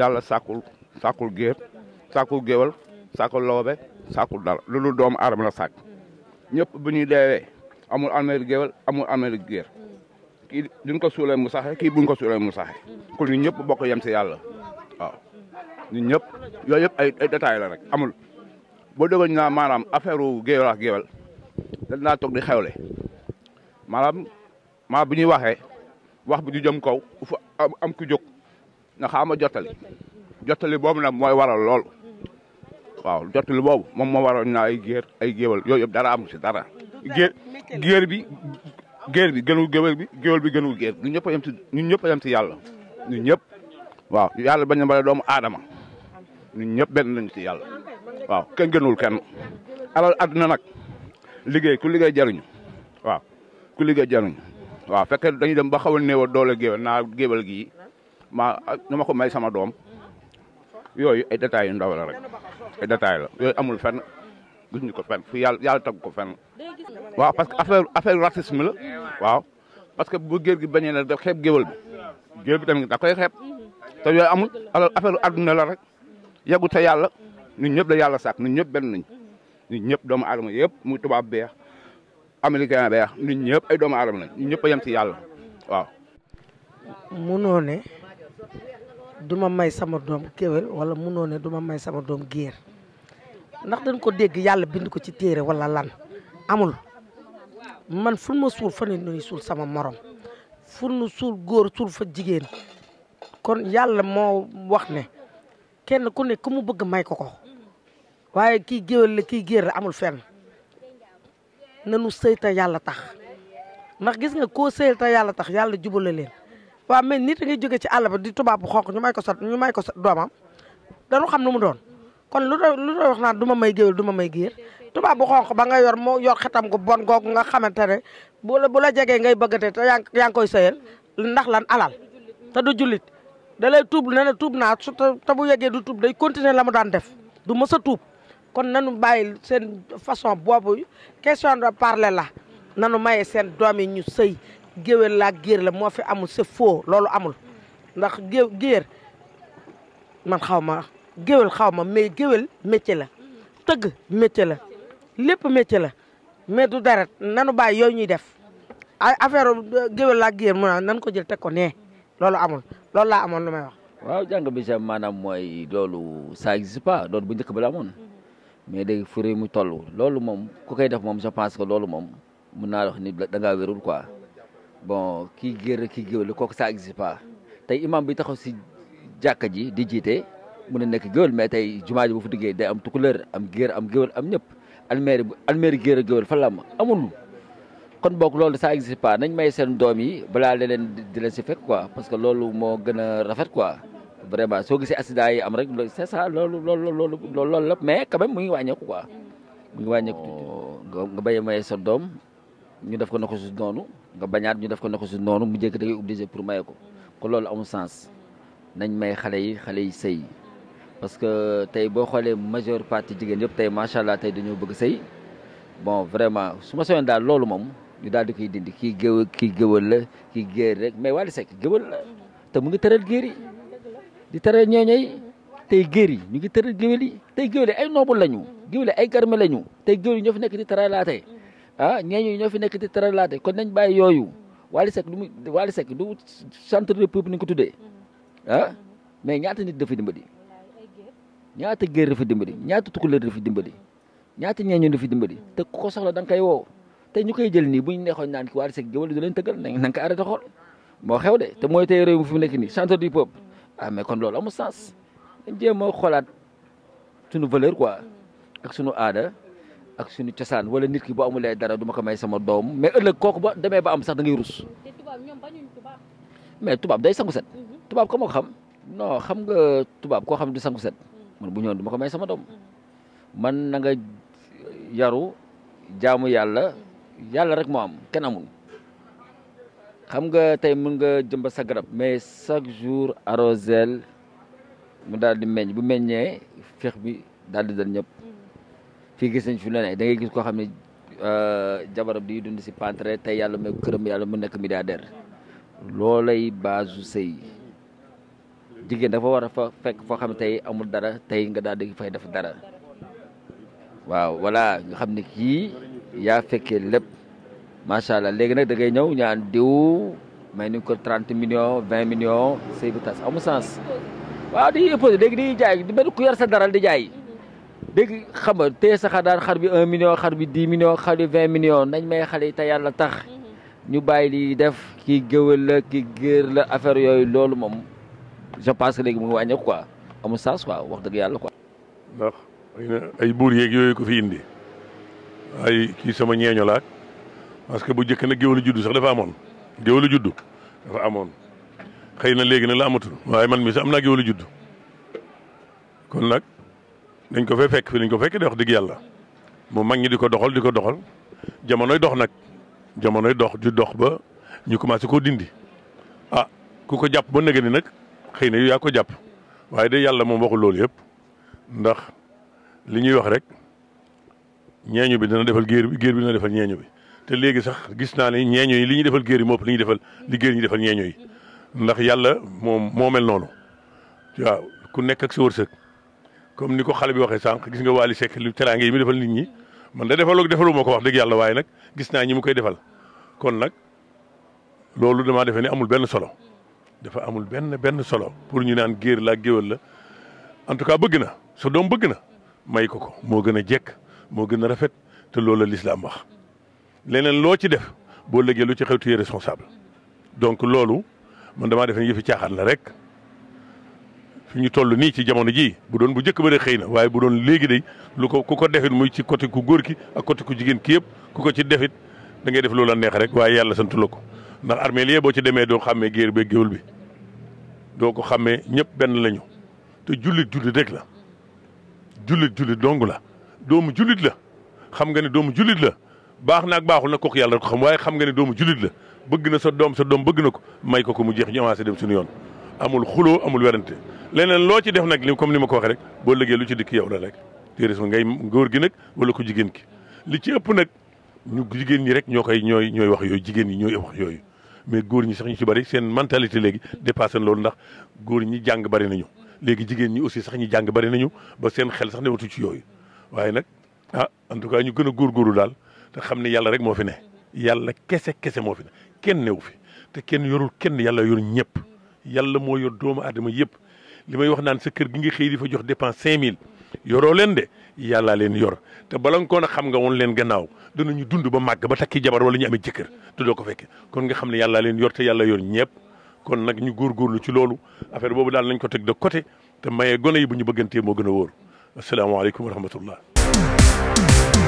yàlla sàkkul sàkkul géer sàkkul géwal sàkkul loobe sàkkul dara lu dul doomu aadama la sàkk ñëpp bu ñuy deewee amul almeeri géwal amul almeeri géer kii duñ ko suulee mu saxe kii buñ ko suulee mu saxe kon ñun ñëpp bokk yem si yàlla waaw ñun ñëpp yooyu yëpp ay ay détails la rek amul boo déggoon ñu naan maanaam affaire u géwal ak géwal dañ naa toog di xewle maanaam maa bu ñuy waxee wax bi du jëm kaw fu am ku jóg nga xaama jottali jottali boobu nag mooy waral lool waaw jottali boobu moom moo waral na ay géer ay géwal yooyu yëpp dara am si dara géer géer bi géer bi gënul géwal bi géwal bi gënul géer ñun ñëpp a yem si ñun ñëpp a yem si yàlla ñun ñëpp waaw yàlla bañ na bale doomu aadama ñun ñëpp benn lañ si yàlla waaw kenn gënul kenn alal àdduna nag liggéey ku liggéey jariñu waaw ku liggéey jariñu waaw fekkee dañuy dem ba xaw a néew a doole géwal naa géwal gii ma nu ma ko may sama doom yooyu ay détails yu ndaw la rek ay détails la yooyu amul fenn gis ñu ko fenn fu yàlla yàlla tagg ko fen waaw parce que affaire affaire racisme la waaw parce que bu géer gi bañee na daf xeeb géwal bi géwal bi tamit da koy xeeb te yooyu amul alors affaire adduna la rek yàggu te yàlla nu ñëpp la yàlla sàkk ñun ñëpp benn nañ ñun ñëpp doomu aadama yëpp muy tubaab beex américain beex ñun ñëpp ay doomu aadama lañ ñun ñëpp a yem ci yàlla waaw. munoo duma may sama doom kéwél wala munoo ne du may sama doom géer ndax dañ ko dégg yàlla bind ko ci téere wala lan amul man fu ma suul fa ne suul sama morom fu nu suul góor suul fa jigéen kon yàlla moo wax ne kenn ku ne mu bëgg may ko ko waaye kii géwél la kii géer amul fenn na sëy ta yàlla tax ndax gis nga koo sëyal ta yàlla tax yàlla jubale leen waaw mais nit a ngi jóge ci àll ba di tubaab bu xonq ñu may ko sa ñu may ko sa doomam dañu xam lu mu doon kon lu doon lu doon wax naan du ma may géwél du ma may géer tubaab bu xonq ba nga yor moo yor xetam gu bon googu nga xamante ne bu la bu la jegee ngay bëggate te yaa yaa ngi koy sëyal ndax lan alal te du jullit da lay tuub ne na tuub naa su te bu yeggee du tuub day continuer la mu daan def du mës a tuub kon nanu bàyyi seen façon boobu question de parler la nanu maye seen doom yi ñu sëy géwél laa géer la moo fi amul c'est foo loolu amul ndax géw géer man xaw ma géwél xaw ma mais géwél métier la tëgg métier la lépp métier la mais du dara nanu bàyyi yooyu ñuy def ay affaire euh, géwél laa géer mu naa ko jël teg nee loolu amul loolu laa amoon lu may wax waaw jàng bi sa maanaam mooy loolu ça existe pas loolu bu njëkk ba la amoon mais léegi fure mu toll loolu moom ku koy def moom je pense que loolu moom mun naa wax ni da quoi bon kii géer kii géwél kooku ça existe pa tey imam bi taxaw si jàkka ji di jiite mu na nekk géwél mais tey jumaa ji bu fa duggee day am tukulër am géer am géwél am ñëpp almeeri almeeri géer a géwél fa la am amul kon book loolu ça existe pas nañ may seen doom yi balaa leen di leen si fekk quoi parce que loolu moo gën a rafet quoi vraiment soo gisee accident yi am rek c'est ça loolu loolu loolu loolu la mais quand mu ngi wàññeeku quoi mu ngi oh, nga bay may sa doom ñu def ko na ko su noonu nga bañaat ñu def ko na ko noonu mu jékki da ngay pour maye ko kon loolu amul sens nañ may xale yi xale yi sëy parce que tey boo xoolee majeure partie jigéen yëpp tey macha allah tey dañoo bëgg sëy bon vraiment su ma soyoon daal loolu moom ñu daal di koy dindi kii géwël kii géwël la kii géer rek mais Wally Seck géwël la te mu ngi tëral géer yi di tëral ñooñoy tey géer yi ñu ngi tëral géwél yi tey géwél yi ay noble lañu géwél yi ay garme lañu tey géwél yi ñoo fi nekk di tëralaatee ah ñeeñu ñoo fi nekk di teralaate ko nañ bàyyi yooyu mm-hmm. Wally Seck du mu Wally Seck du centre de peuple ni ko tuddee mm-hmm. ah mm-hmm. mais ñaata nit dafa dimbali ñaata géer dafa dimbali ñaata tukuleer fi dimbali ñaata ñeeñu fi dimbali te ku ko soxla da nga koy woo te ñu koy jël nii bu ñu neexoon naan ki Wally Seck géwël du leen tëggal na nga ko arrêté xool moo xew de te mooy tey réew mi fi nekk nii centre du peuple ah mais kon loolu amul sens dañ jéem a xoolaat suñu valeur quoi ak sunu aada ak suñu cosaan wala nit ki bu amulee dara du ma ko may sama doom mais ëllëg kooku ba demee ba am sax da ngay rus. mais tubaab day sangu set. Mhm. tubaab ko moo xam nga tubaab koo xam ne du sangu set. man bu ñëwoon du ma ko may sama doom. Mhm. man na yaru jaamu yàlla yàlla rek moo am kenn amul. xam nga tey mën nga jëmba sa garab mais chaque jour arrosel mu daal di meññ bu meññee feex bi daal di dal ñëpp. fii gis nañ fi la ne ngay gis koo xam ne euh, jabaram di dund si pantre tey yàlla may këram yàlla mu nekk milliardaire loolay baasu sëy jigéen dafa war a fa fekk foo xam ne tey amul dara tey nga daal di fay def dara waaw voilà nga xam ne kii yaa fekkee lépp macha allah léegi nag da ngay ñëw ñaan diw may ni ko trente million vingt million sëy bu tas amul sens waaw di ëpp di jaay di mel ku yor sa daral di jaay. dégg xam nga téye sa daan xar bi un million xar bi dix million xar bi million nañ may xale yi te yàlla tax mhm. ñu bàyyi li def kii géwél la kii géer la affaire yooyu loolu moom je pense léegi mu ngi wàññeeku quoi amul sens quoi wax dëgg yàlla ko ndax ay buur yeeg yooyu ko fi indi ay kii sama ñeeño laak parce que bu njëkk nag géwélu juddu sax dafa amoon géwélu juddu dafa amoon xëy na léegi nag la amatul waaye man mi sax am naa géwélu juddu kon nag. dañ ko fee fekk fi lañ ko fekk di wax yàlla mu mag ñi di ko doxal di ko doxal jamonoy dox nag jamonoy dox di dox ba ñu commencé koo dindi ah ku ko jàpp ba nëgë ni nag xëy na yu yaa ko jàpp waaye de yàlla moom waxul loolu yëpp ndax li ñuy wax rek ñeeñu bi dana defal géer bi géer bi dana defal ñeeñu bi te léegi sax gis naa ne ñeeño yi li ñuy defal géer bi mopp li ñuy defal li géer ñi defal ñeeño yi ndax yàlla moom moo mel noonu waaw ku nekk ak sa wërsëg comme ni ko xale bi waxee sànq gis nga Wally Seck lu teraange yi mu defal nit ñi man da defaloo defalu ma ko wax dëgg yàlla waaye nag gis naa ñi mu koy defal kon nag loolu damaa defee ni amul benn solo dafa amul benn benn solo pour ñu naan géer laa géwél la en tout cas bëgg na sa doom bëgg na may ko ko moo gën a jekk moo gën a rafet te loolu la lislaam wax leneen loo ci def boo lëggee lu ci xewtu responsable donc loolu man damaa defe ne yëfi caaxaan la rek fi ñu toll nii ci jamono jii bu doon bu njëkk ba de xëy na waaye bu doon léegi day lu ko ku ko defit muy ci côté ku góor ki a côté ku jigéen ki yëpp ku ko ci defit da ngay def loola neex rek waaye yàlla santu la ko ndax armée li boo ci demee doo xàmmee géer be géwél bi doo ko xamee ñëpp benn lañu te jullit jullit rek la jullit jullit dong la doomu jullit la xam nga ne doomu jullit la baax naag baaxul na kooku yàlla ko xam waaye xam nga ne doomu jullit la bëgg na sa doom sa doom bëgg na ko may ko ko jeex ñu avancé dem suñu yoon amul xuloo amul werante leneen loo ci def nag li comme ni ma ko waxe rek boo liggéey lu ci dikk yow la rek téere su ngay góor gi nag wala ko jigéen ki li ci ëpp nag ñu jigéen ñi rek ñoo koy ñooy ñooy wax yooyu jigéen ñi ñooy wax yooyu mais góor ñi sax ñu ci bari seen mentalité léegi dépassé loolu ndax góor ñi jàng bari nañu léegi jigéen ñi aussi sax ñi jàng bari nañu ba seen xel sax newatu ci yooyu waaye nag ah en tout cas ñu gën a góorgóorlu daal te xam ne yàlla rek moo fi ne yàlla kese kese moo fi kenn newu fi te kenn yorul kenn yàlla yorul ñëpp yàlla moo yor doomu aadama yëpp li may wax naan sa kër gi nga xëy fa jox dépense cinq mille yoroo leen de yàllaa leen yor te bala nga ko xam nga woon leen gannaaw danañu dund ba màgg ba takki jabar wala ñu amee jëkkër te doo ko fekke kon nga xam ne yàllaa leen yor te yàlla yor ñëpp kon nag ñu góorgóorlu ci loolu affaire boobu daal nañ ko teg de côté te maye gone yi bu ñu bëggantee moo gën a wóor asalaamaaleykum wa rahmatullah